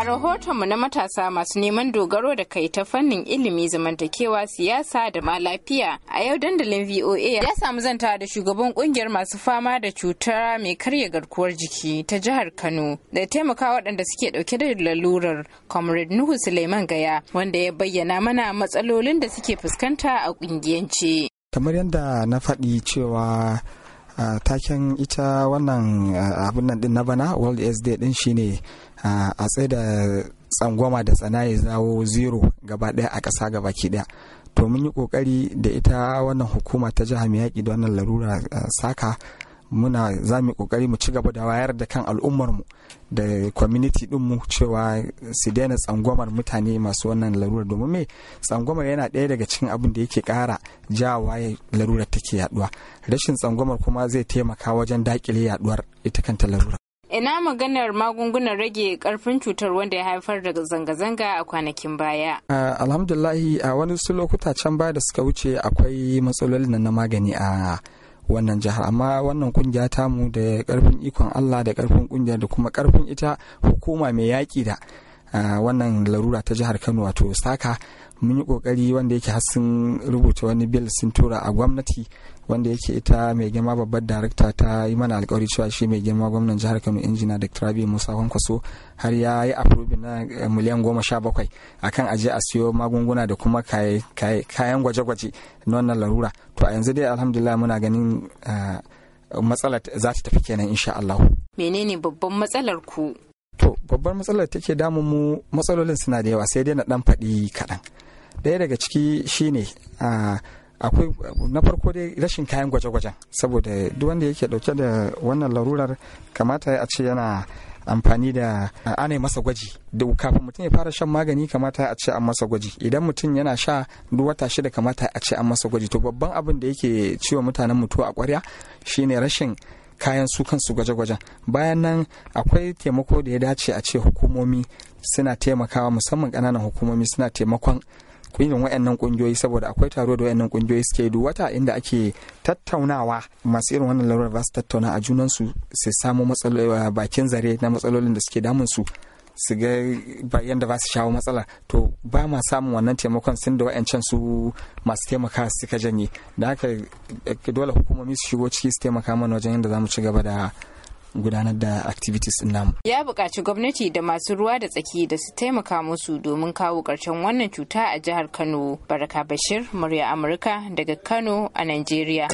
A rahotonmu na matasa masu neman dogaro da kai ta fannin ilimi zamantakewa siyasa da ma lafiya a yau dandalin VOA ya samu zanta da shugaban kungiyar masu fama da cuta mai karya garkuwar jiki ta jihar Kano da taimaka waɗanda suke ɗauke da lalurar Comrade Nuhu Suleiman Gaya wanda ya bayyana mana matsalolin da suke fuskanta a kungiyance. Kamar yadda na faɗi cewa taken ita wannan abin nan din na bana world sd din shine a tsaye da tsangwama da tsana ya zawo zero gaba daya a ƙasa gaba ki daya to mun yi kokari da ita wannan hukuma ta jihar miyaki yaƙi da wannan larura saka muna za mu kokari mu ci gaba da wayar da kan al'ummarmu da community dinmu cewa su daina tsangwamar mutane masu wannan larura domin me tsangwamar yana ɗaya daga cikin abin da yake ƙara jawa larurar take yaduwa rashin tsangwamar kuma zai taimaka wajen daƙile yaduwar ita kanta larura ina maganar magungunan rage karfin cutar wanda ya haifar da zanga-zanga a kwanakin baya alhamdulahi a wani su lokuta can baya da suka wuce akwai matsalolin na magani a wannan jihar amma wannan kungiya tamu da karfin ikon Allah da karfin kungiya da kuma karfin ita hukuma mai yaƙi da wannan larura ta jihar kano wato saka mun yi kokari wanda yake har sun rubuta wani bill sun tura a gwamnati wanda yake ita mai girma babbar darakta ta yi mana alkawari cewa shi mai girma gwamnan jihar kano injina da rabi musa kwankwaso har ya yi afrobin na eh, miliyan goma sha bakwai akan aje a siyo magunguna da kuma kayan gwaje-gwaje na wannan larura to a yanzu dai alhamdulillah muna ganin eh, matsalar za ta tafi kenan insha Allah. menene babban matsalar ku to babbar matsalar da take damun mu matsalolin suna da yawa sai dai na dan faɗi kaɗan ɗaya daga ciki shine akwai na farko dai rashin kayan gwaje-gwajen saboda duk wanda yake dauke da wannan larurar kamata a ce yana amfani da ana masa gwaji duk kafin mutum ya fara shan magani kamata a ce an masa gwaji idan mutum yana sha duk wata shida kamata a ce an masa gwaji to babban abin da yake ciwo mutanen mutuwa a kwarya shine rashin kayan su kansu gwaje-gwajen bayan nan akwai taimako da ya dace a ce hukumomi suna taimakawa musamman ƙananan hukumomi suna taimakon kuyin wayannan kungiyoyi saboda akwai taro da wayannan kungiyoyi suke duk wata inda ake tattaunawa masu irin wannan lalurar ba su tattauna a junan su su samu matsalolin eh, bakin zare na matsalolin da suke damun su su ga yadda ba su shawo matsala to ba ma samun wannan taimakon sun da wa'ancan su masu taimaka suka janye da haka eh, dole hukumomi su shigo ciki su taimaka mana wajen yadda za mu ci gaba da gudanar da activities din namu. Ya buƙaci gwamnati da masu ruwa da tsaki da su taimaka musu domin kawo ƙarshen wannan cuta a jihar Kano. Baraka Bashir, murya Amurka daga Kano a nigeria.